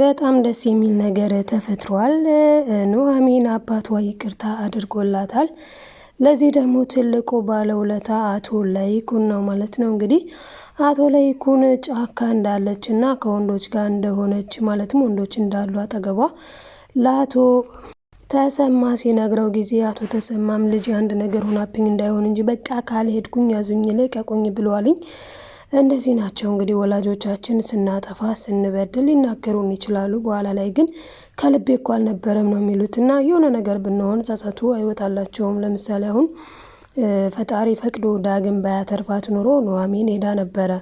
በጣም ደስ የሚል ነገር ተፈጥሯል። ኑሐሚን አባቷ ይቅርታ አድርጎላታል። ለዚህ ደግሞ ትልቁ ባለውለታ አቶ ላይኩን ነው ማለት ነው። እንግዲህ አቶ ላይኩን ጫካ እንዳለች እና ከወንዶች ጋር እንደሆነች ማለትም ወንዶች እንዳሉ አጠገቧ ለአቶ ተሰማ ሲነግረው ጊዜ አቶ ተሰማም ልጅ አንድ ነገር ሆናብኝ እንዳይሆን እንጂ በቃ ካልሄድኩኝ ያዙኝ ልቀቁኝ ብለዋልኝ። እንደዚህ ናቸው እንግዲህ ወላጆቻችን ስናጠፋ ስንበድል ሊናገሩን ይችላሉ። በኋላ ላይ ግን ከልቤ እኮ አልነበረም ነው የሚሉት እና የሆነ ነገር ብንሆን ጸጸቱ አይወጣላቸውም። ለምሳሌ አሁን ፈጣሪ ፈቅዶ ዳግም ባያተርፋት ኑሮ ኑሐሚን ሄዳ ነበረ።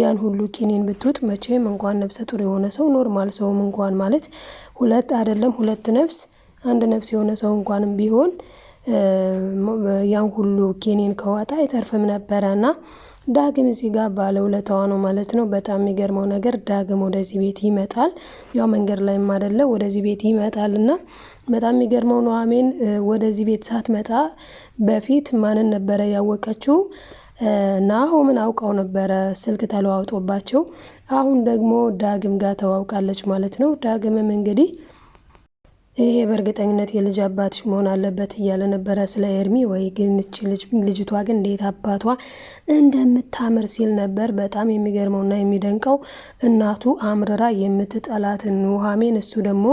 ያን ሁሉ ኪኒን ብትውጥ መቼም እንኳን ነብሰ ጡር የሆነ ሰው ኖርማል ሰውም እንኳን ማለት ሁለት አይደለም ሁለት ነፍስ አንድ ነፍስ የሆነ ሰው እንኳንም ቢሆን ያን ሁሉ ኪኒን ከዋጣ አይተርፍም ነበረ እና ዳግም እዚህ ጋር ባለውለታዋ ነው ማለት ነው። በጣም የሚገርመው ነገር ዳግም ወደዚህ ቤት ይመጣል። ያው መንገድ ላይም አይደለ ወደዚህ ቤት ይመጣል እና በጣም የሚገርመው ኑሐሚን ወደዚህ ቤት ሳትመጣ በፊት ማንን ነበረ ያወቀችው? ናሆምን አውቀው ነበረ ስልክ ተለዋውጦባቸው። አሁን ደግሞ ዳግም ጋር ተዋውቃለች ማለት ነው። ዳግምም እንግዲህ ይሄ በእርግጠኝነት የልጅ አባትሽ መሆን አለበት እያለ ነበረ ስለ ኤርሚ። ወይ ግን ልጅቷ ግን እንዴት አባቷ እንደምታምር ሲል ነበር። በጣም የሚገርመውና የሚደንቀው እናቱ አምርራ የምትጠላትን ኑሐሚን እሱ ደግሞ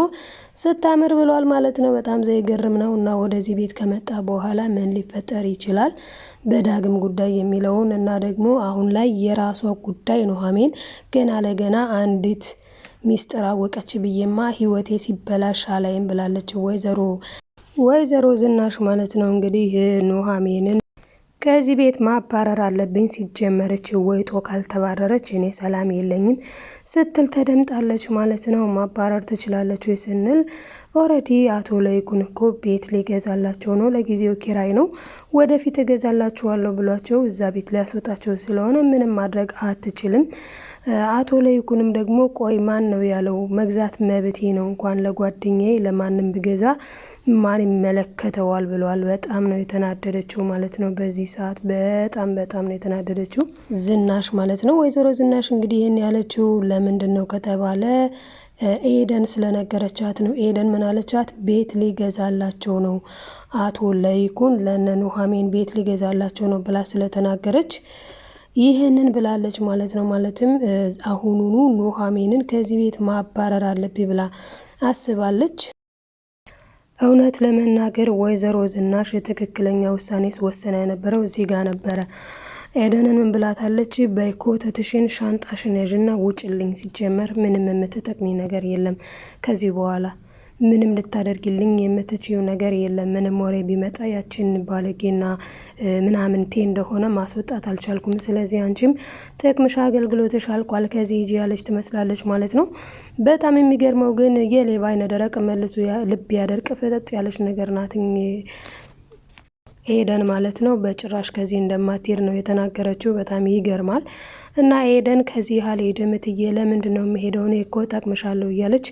ስታምር ብሏል ማለት ነው። በጣም ዘይገርም ነው። እና ወደዚህ ቤት ከመጣ በኋላ ምን ሊፈጠር ይችላል በዳግም ጉዳይ የሚለውን እና ደግሞ አሁን ላይ የራሷ ጉዳይ ኑሐሚን ገና ለገና አንዲት ሚስጥር አወቀች ብዬማ ህይወቴ ሲበላሽ አላይም ብላለች ወይዘሮ ወይዘሮ ዝናሽ ማለት ነው እንግዲህ ኑሐሚንን ከዚህ ቤት ማባረር አለብኝ ሲጀመረች ወይጦ ካልተባረረች እኔ ሰላም የለኝም ስትል ተደምጣለች ማለት ነው። ማባረር ትችላለች ወይ ስንል ኦረዲ አቶ ለይኩን እኮ ቤት ሊገዛላቸው ነው። ለጊዜው ኪራይ ነው፣ ወደፊት እገዛላችኋለሁ ብሏቸው እዛ ቤት ሊያስወጣቸው ስለሆነ ምንም ማድረግ አትችልም። አቶ ለይኩንም ደግሞ ቆይ ማን ነው ያለው? መግዛት መብቴ ነው፣ እንኳን ለጓደኛዬ ለማንም ብገዛ ማን ይመለከተዋል ብለዋል። በጣም ነው የተናደደችው ማለት ነው። በዚህ ሰዓት በጣም በጣም ነው የተናደደችው ዝናሽ ማለት ነው። ወይዘሮ ዝናሽ እንግዲህ ይህን ያለችው ለምንድን ነው ከተባለ ኤደን ስለነገረቻት ነው። ኤደን ምናለቻት? ቤት ሊገዛላቸው ነው አቶ ለይኩን ለነ ኑሐሚን ቤት ሊገዛላቸው ነው ብላ ስለተናገረች ይህንን ብላለች ማለት ነው። ማለትም አሁኑኑ ኑሐሚንን ከዚህ ቤት ማባረር አለብኝ ብላ አስባለች። እውነት ለመናገር ወይዘሮ ዝናሽ የትክክለኛ ውሳኔ ወሰና የነበረው እዚህ ጋር ነበረ። ኤደንን ምን ብላታለች? በኮተትሽን ሻንጣሽን ያዥና ውጭልኝ፣ ሲጀመር ምንም የምትጠቅሚ ነገር የለም ከዚህ በኋላ ምንም ልታደርግልኝ የምትችው ነገር የለም። ምንም ወሬ ቢመጣ ያችን ባለጌና ቴ እንደሆነ ማስወጣት አልቻልኩም። ስለዚህ አንቺም ጥቅምሽ፣ አገልግሎትሽ አልቋል፣ ከዚህ ሂጂ ያለች ትመስላለች ማለት ነው። በጣም የሚገርመው ግን የሌባ አይነ ደረቅ መልሱ ልብ ያደርቅ ፈጠጥ ያለች ነገር ናትኝ ኤደን ማለት ነው። በጭራሽ ከዚህ እንደማትሄድ ነው የተናገረችው። በጣም ይገርማል። እና ኤደን ከዚህ አልሄድም እትዬ፣ ለምንድን ነው የምሄደው? እኔ እኮ ጠቅምሻለሁ እያለች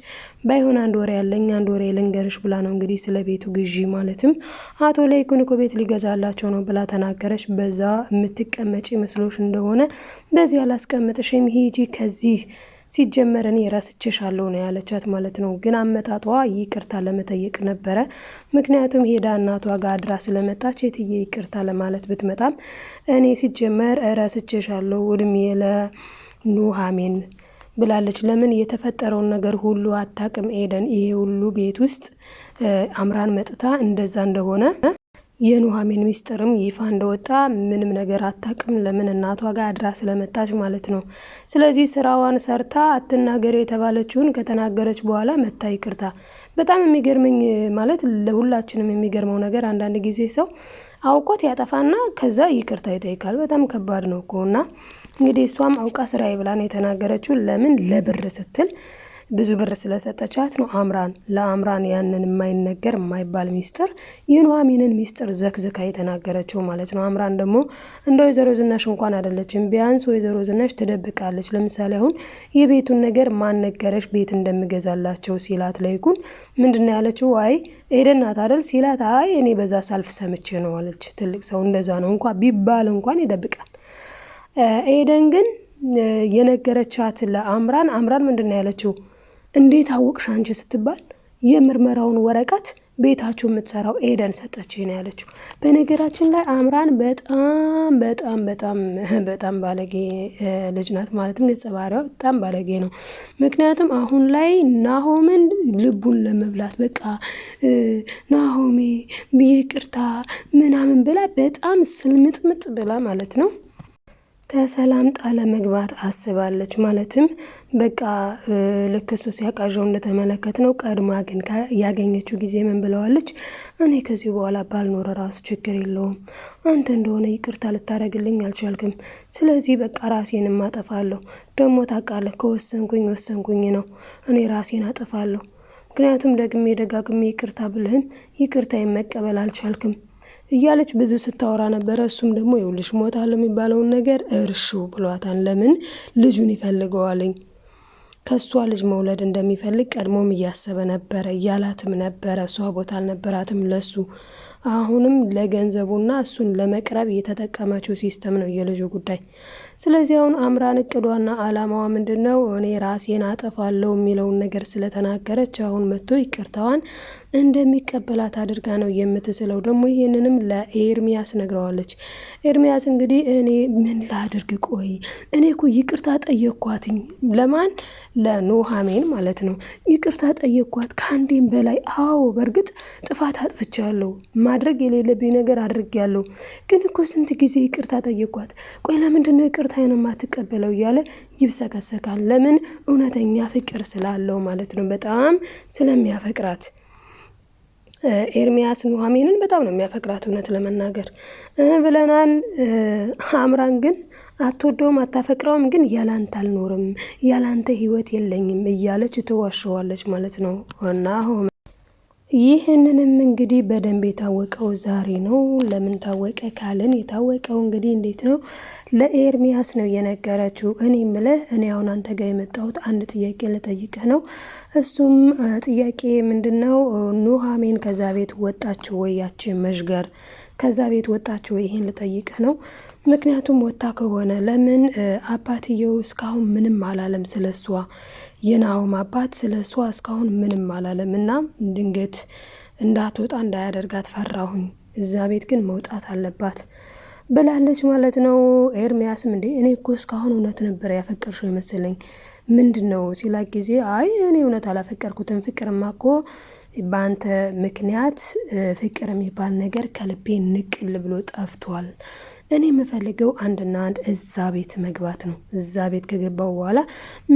ባይሆን አንድ ወሬ ያለኝ አንድ ወሬ ልንገርሽ ብላ ነው እንግዲህ ስለ ቤቱ ግዢ ማለትም አቶ ለይኩን እኮ ቤት ሊገዛላቸው ነው ብላ ተናገረች። በዛ የምትቀመጪ መስሎሽ እንደሆነ በዚህ አላስቀምጥሽም፣ ሂጂ ከዚህ ሲጀመር እኔ ረስቼሻለሁ ነው ያለቻት ማለት ነው። ግን አመጣጧ ይቅርታ ለመጠየቅ ነበረ። ምክንያቱም ሄዳ እናቷ ጋር አድራ ስለመጣች የትዬ ይቅርታ ለማለት ብትመጣም እኔ ሲጀመር ረስቼሻለሁ እድሜ ለኑሃሜን ብላለች። ለምን የተፈጠረውን ነገር ሁሉ አታቅም ኤደን። ይሄ ሁሉ ቤት ውስጥ አምራን መጥታ እንደዛ እንደሆነ የኑሐሚን ሚስጥርም ይፋ እንደወጣ ምንም ነገር አታውቅም። ለምን እናቷ ጋር አድራ ስለመጣች ማለት ነው። ስለዚህ ስራዋን ሰርታ አትናገር የተባለችውን ከተናገረች በኋላ መታ ይቅርታ። በጣም የሚገርመኝ ማለት ለሁላችንም የሚገርመው ነገር አንዳንድ ጊዜ ሰው አውቆት ያጠፋና ከዛ ይቅርታ ይጠይቃል። በጣም ከባድ ነው እኮ እና እንግዲህ እሷም አውቃ ስራዬ ብላ ነው የተናገረችው። ለምን ለብር ስትል ብዙ ብር ስለሰጠቻት ነው አምራን ለአምራን ያንን የማይነገር የማይባል ሚስጥር የኑሐሚንን ሚስጥር ዘክዝካ የተናገረችው ማለት ነው። አምራን ደግሞ እንደ ወይዘሮ ዝናሽ እንኳን አይደለችም። ቢያንስ ወይዘሮ ዝናሽ ትደብቃለች። ለምሳሌ አሁን የቤቱን ነገር ማን ነገረሽ ቤት እንደምገዛላቸው ሲላት ለይኩን ምንድን ነው ያለችው? አይ ኤደን ናት ሲላት፣ አይ እኔ በዛ ሳልፍ ሰምቼ ነው አለች። ትልቅ ሰው እንደዛ ነው እንኳ ቢባል እንኳን ይደብቃል። ኤደን ግን የነገረቻት ለአምራን አምራን ምንድን ነው ያለችው? እንዴት አወቅሽ አንቺ ስትባል የምርመራውን ወረቀት ቤታችሁ የምትሰራው ኤደን ሰጠች ነው ያለችው። በነገራችን ላይ አምራን በጣም በጣም በጣም በጣም ባለጌ ልጅ ናት። ማለትም ገጸ ባህሪዋ በጣም ባለጌ ነው። ምክንያቱም አሁን ላይ ናሆምን ልቡን ለመብላት በቃ ናሆሜ ብዬ ቅርታ ምናምን ብላ በጣም ስልምጥምጥ ብላ ማለት ነው ተሰላምጣ ለመግባት አስባለች ማለትም በቃ ልክ እሱ ሲያቃዣው እንደተመለከት ነው። ቀድማ ግን ያገኘችው ጊዜ ምን ብለዋለች? እኔ ከዚህ በኋላ ባልኖረ ራሱ ችግር የለውም፣ አንተ እንደሆነ ይቅርታ ልታደርግልኝ አልቻልክም። ስለዚህ በቃ ራሴን ማጠፋለሁ። ደግሞ ታውቃለህ፣ ከወሰንኩኝ ወሰንኩኝ ነው። እኔ ራሴን አጠፋለሁ። ምክንያቱም ደግሜ ደጋግሜ ይቅርታ ብልህም ይቅርታ መቀበል አልቻልክም እያለች ብዙ ስታወራ ነበረ። እሱም ደግሞ የውልሽ ሞታል የሚባለውን ነገር እርሹ ብሏታን ለምን ልጁን ይፈልገዋልኝ ከእሷ ልጅ መውለድ እንደሚፈልግ ቀድሞም እያሰበ ነበረ፣ እያላትም ነበረ። እሷ ቦታ አልነበራትም ለሱ አሁንም ለገንዘቡና እሱን ለመቅረብ የተጠቀመችው ሲስተም ነው የልጁ ጉዳይ። ስለዚህ አሁን አምራን እቅዷና አላማዋ ምንድን ነው? እኔ ራሴን አጠፋለሁ የሚለውን ነገር ስለተናገረች አሁን መጥቶ ይቅርታዋን እንደሚቀበላት አድርጋ ነው የምትስለው። ደግሞ ይህንንም ለኤርሚያስ ነግረዋለች። ኤርሚያስ እንግዲህ እኔ ምን ላድርግ? ቆይ እኔ እኮ ይቅርታ ጠየኳትኝ። ለማን? ለኑሃሜን ማለት ነው። ይቅርታ ጠየኳት ከአንዴም በላይ አዎ፣ በእርግጥ ጥፋት አጥፍቻለሁ ማድረግ የሌለብኝ ነገር አድርጌያለሁ። ግን እኮ ስንት ጊዜ ይቅርታ ጠየቋት። ቆይ ለምንድነው ይቅርታ የማትቀበለው እያለ ይብሰከሰካል። ለምን? እውነተኛ ፍቅር ስላለው ማለት ነው። በጣም ስለሚያፈቅራት ኤርሚያስ ኑሐሚንን በጣም ነው የሚያፈቅራት እውነት ለመናገር ብለናል። አምራን ግን አትወደውም፣ አታፈቅረውም። ግን ያላንተ አልኖርም፣ ያላንተ ህይወት የለኝም እያለች ትዋሸዋለች ማለት ነው እና ይህንንም እንግዲህ በደንብ የታወቀው ዛሬ ነው። ለምን ታወቀ ካልን የታወቀው እንግዲህ እንዴት ነው ለኤርሚያስ ነው የነገረችው። እኔ ምልህ እኔ አሁን አንተ ጋር የመጣሁት አንድ ጥያቄ ልጠይቅህ ነው። እሱም ጥያቄ ምንድን ነው? ኑሃሜን ከዛ ቤት ወጣችሁ ወይ? መዥገር ከዛ ቤት ወጣችሁ? ይህን ልጠይቅህ ነው። ምክንያቱም ወታ ከሆነ ለምን አባትየው እስካሁን ምንም አላለም ስለሷ የናሆም አባት ስለ እሷ እስካሁን ምንም አላለም እና ድንገት እንዳትወጣ እንዳያደርጋት ፈራሁኝ። እዛ ቤት ግን መውጣት አለባት ብላለች ማለት ነው። ኤርሚያስም እንዴ እኔ እኮ እስካሁን እውነት ነበር ያፈቀርሽው ይመስለኝ ምንድን ነው ሲላት ጊዜ አይ እኔ እውነት አላፈቀርኩትም፣ ፍቅርማ እኮ በአንተ ምክንያት ፍቅር የሚባል ነገር ከልቤ ንቅል ብሎ ጠፍቷል እኔ የምፈልገው አንድና አንድ እዛ ቤት መግባት ነው። እዛ ቤት ከገባው በኋላ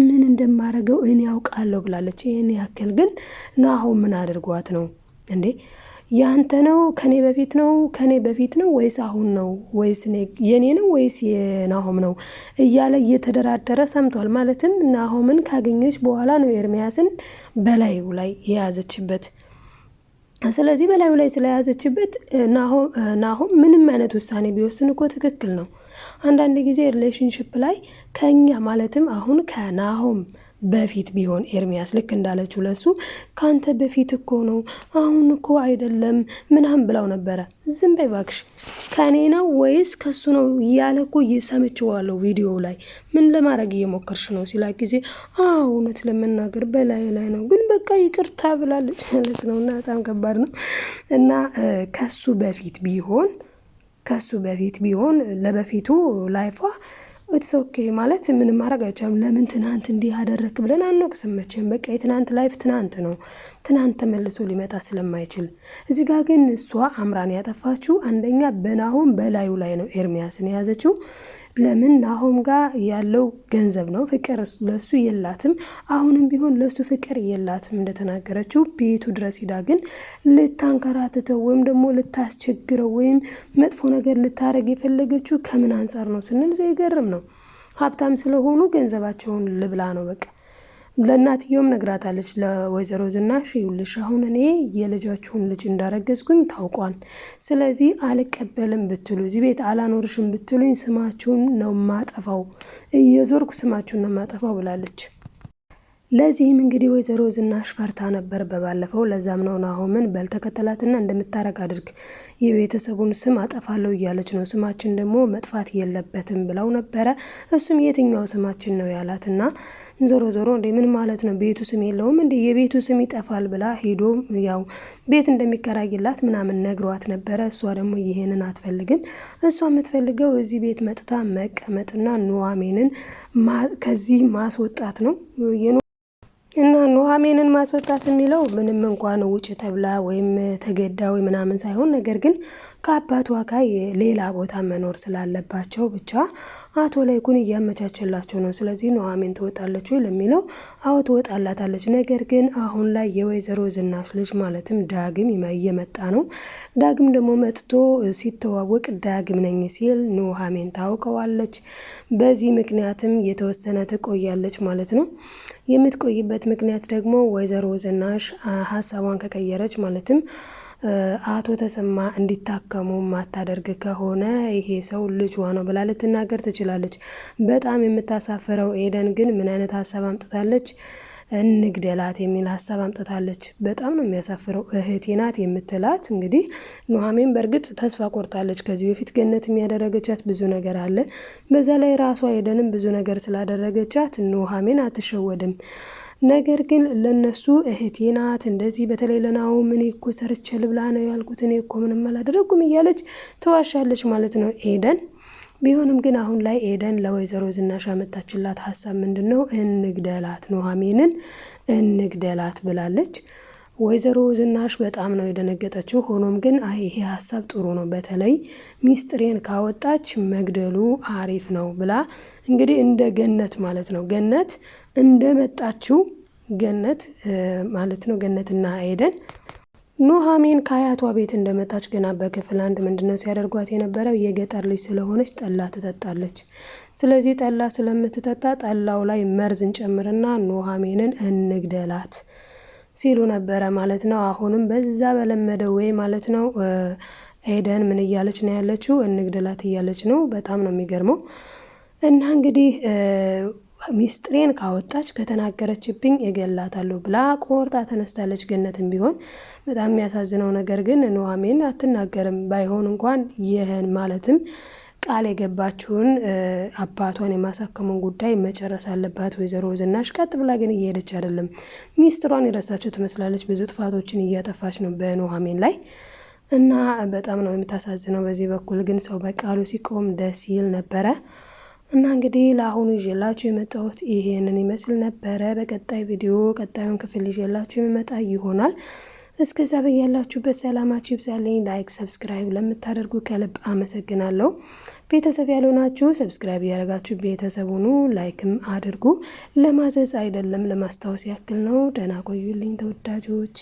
ምን እንደማደርገው እኔ ያውቃለሁ ብላለች። ይህን ያክል ግን ናሆም ምን አድርጓት ነው እንዴ? ያንተ ነው ከኔ በፊት ነው ከኔ በፊት ነው ወይስ አሁን ነው ወይስ የኔ ነው ወይስ የናሆም ነው እያለ እየተደራደረ ሰምቷል። ማለትም ናሆምን ካገኘች በኋላ ነው ኤርሚያስን በላዩ ላይ የያዘችበት። ስለዚህ በላዩ ላይ ስለያዘችበት ናሆም ምንም አይነት ውሳኔ ቢወስን እኮ ትክክል ነው። አንዳንድ ጊዜ ሪሌሽንሽፕ ላይ ከኛ ማለትም አሁን ከናሆም በፊት ቢሆን ኤርሚያስ ልክ እንዳለችው ለሱ ከአንተ በፊት እኮ ነው አሁን እኮ አይደለም ምናምን ብላው ነበረ። ዝም በይ እባክሽ፣ ከእኔ ነው ወይስ ከሱ ነው እያለ እኮ እየሰምችዋለው ቪዲዮ ላይ ምን ለማድረግ እየሞከርሽ ነው ሲላ ጊዜ አዎ እውነት ለመናገር በላይ ላይ ነው ግን በቃ ይቅርታ ብላለች ማለት ነው። እና በጣም ከባድ ነው እና ከሱ በፊት ቢሆን ከሱ በፊት ቢሆን ለበፊቱ ላይፏ ኢትስ ኦኬ ማለት ምንም ማድረግ አይቻልም። ለምን ትናንት እንዲህ አደረክ ብለን አንወቅስም። መቼም በቃ የትናንት ላይፍ ትናንት ነው። ትናንት ተመልሶ ሊመጣ ስለማይችል እዚህ ጋር ግን እሷ አምራን ያጠፋችው አንደኛ በናሁን በላዩ ላይ ነው ኤርሚያስን የያዘችው ለምን ናሆም ጋር ያለው ገንዘብ ነው፣ ፍቅር ለሱ የላትም። አሁንም ቢሆን ለሱ ፍቅር የላትም እንደተናገረችው ቤቱ ድረስ ሂዳ ግን ልታንከራትተው ወይም ደግሞ ልታስቸግረው ወይም መጥፎ ነገር ልታደረግ የፈለገችው ከምን አንጻር ነው ስንል ዘይገርም ነው። ሀብታም ስለሆኑ ገንዘባቸውን ልብላ ነው በቃ ለእናትየውም ነግራታለች ለወይዘሮ ዝናሽ ይኸውልሽ አሁን እኔ የልጃችሁን ልጅ እንዳረገዝኩኝ ታውቋል። ስለዚህ አልቀበልም ብትሉ እዚህ ቤት አላኖርሽም ብትሉኝ ስማችሁን ነው ማጠፋው፣ እየዞርኩ ስማችሁን ነው ማጠፋው ብላለች። ለዚህም እንግዲህ ወይዘሮ ዝናሽ ፈርታ ነበር በባለፈው። ለዛም ነው ናሆምን በልተከተላትና እንደምታረግ አድርግ የቤተሰቡን ስም አጠፋለሁ እያለች ነው። ስማችን ደግሞ መጥፋት የለበትም ብለው ነበረ። እሱም የትኛው ስማችን ነው ያላትና ዞሮ ዞሮ እንዴ ምን ማለት ነው ቤቱ ስም የለውም እንዴ የቤቱ ስም ይጠፋል ብላ ሄዶ ያው ቤት እንደሚከራይላት ምናምን ነግሯት ነበረ። እሷ ደግሞ ይሄንን አትፈልግም። እሷ የምትፈልገው እዚህ ቤት መጥታ መቀመጥና ኑሐሚንን ከዚህ ማስወጣት ነው። እና ኑሐሚንን ማስወጣት የሚለው ምንም እንኳን ውጭ ተብላ ወይም ተገዳ ወይ ምናምን ሳይሆን ነገር ግን ከአባቷ ጋር ሌላ ቦታ መኖር ስላለባቸው ብቻ አቶ ላይኩን እያመቻችላቸው ነው። ስለዚህ ኑሐሚን ትወጣለች ለሚለው አዎ ትወጣላታለች። ነገር ግን አሁን ላይ የወይዘሮ ዝናሽ ልጅ ማለትም ዳግም እየመጣ ነው። ዳግም ደግሞ መጥቶ ሲተዋወቅ ዳግም ነኝ ሲል ኑሐሚን ታውቀዋለች። በዚህ ምክንያትም የተወሰነ ትቆያለች ማለት ነው። የምትቆይበት ምክንያት ደግሞ ወይዘሮ ዝናሽ ሀሳቧን ከቀየረች ማለትም አቶ ተሰማ እንዲታከሙ ማታደርግ ከሆነ ይሄ ሰው ልጇ ነው ብላ ልትናገር ትችላለች። በጣም የምታሳፍረው ኤደን ግን ምን አይነት ሀሳብ አምጥታለች? እንግደላት የሚል ሀሳብ አምጥታለች። በጣም ነው የሚያሳፍረው። እህቴ ናት የምትላት እንግዲህ ኑሐሚን በእርግጥ ተስፋ ቆርጣለች። ከዚህ በፊት ገነት የሚያደረገቻት ብዙ ነገር አለ። በዛ ላይ ራሷ ኤደንም ብዙ ነገር ስላደረገቻት ኑሐሚን አትሸወድም። ነገር ግን ለነሱ እህቴ ናት እንደዚህ በተለይ ለናው ምን እኮ ሰርቼ ልብላ ነው ያልኩት እኔ እኮ ምንም እያለች ተዋሻለች ማለት ነው ኤደን። ቢሆንም ግን አሁን ላይ ኤደን ለወይዘሮ ዝናሽ ያመጣችላት ሀሳብ ምንድን ነው? እንግደላት፣ ኑሐሚንን እንግደላት ብላለች። ወይዘሮ ዝናሽ በጣም ነው የደነገጠችው። ሆኖም ግን አይ ይሄ ሀሳብ ጥሩ ነው፣ በተለይ ሚስጥሬን ካወጣች መግደሉ አሪፍ ነው ብላ እንግዲህ እንደ ገነት ማለት ነው ገነት እንደመጣችው ገነት ማለት ነው ገነትና ኤደን ኑሐሚን ከአያቷ ቤት እንደመጣች ገና በክፍል አንድ ምንድነው ሲያደርጓት የነበረው የገጠር ልጅ ስለሆነች ጠላ ትጠጣለች። ስለዚህ ጠላ ስለምትጠጣ ጠላው ላይ መርዝ እንጨምርና ኑሐሚንን እንግደላት ሲሉ ነበረ ማለት ነው። አሁንም በዛ በለመደ ወይ ማለት ነው። ኤደን ምን እያለች ነው ያለችው? እንግደላት እያለች ነው። በጣም ነው የሚገርመው። እና እንግዲህ ሚስጥሬን ካወጣች ከተናገረችብኝ እገላታለሁ ብላ ቆርጣ ተነስታለች። ገነትም ቢሆን በጣም የሚያሳዝነው ነገር ግን ኑሐሚን አትናገርም። ባይሆን እንኳን ይህን ማለትም ቃል የገባችውን አባቷን የማሳከሙን ጉዳይ መጨረስ አለባት ወይዘሮ ዝናሽ። ቀጥ ብላ ግን እየሄደች አይደለም። ሚስጥሯን የረሳችው ትመስላለች። ብዙ ጥፋቶችን እያጠፋች ነው በኑሐሚን ላይ እና በጣም ነው የምታሳዝነው። በዚህ በኩል ግን ሰው በቃሉ ሲቆም ደስ ይል ነበረ። እና እንግዲህ ለአሁኑ ይዤላችሁ የመጣሁት ይሄንን ይመስል ነበረ። በቀጣይ ቪዲዮ ቀጣዩን ክፍል ይዤላችሁ የሚመጣ ይሆናል። እስከዛ በያላችሁበት ሰላማችሁ ይብዛልኝ። ላይክ፣ ሰብስክራይብ ለምታደርጉ ከልብ አመሰግናለሁ። ቤተሰብ ያልሆናችሁ ሰብስክራይብ እያደረጋችሁ ቤተሰብ ሁኑ። ላይክም አድርጉ። ለማዘዝ አይደለም ለማስታወስ ያክል ነው። ደህና ቆዩልኝ ተወዳጆች።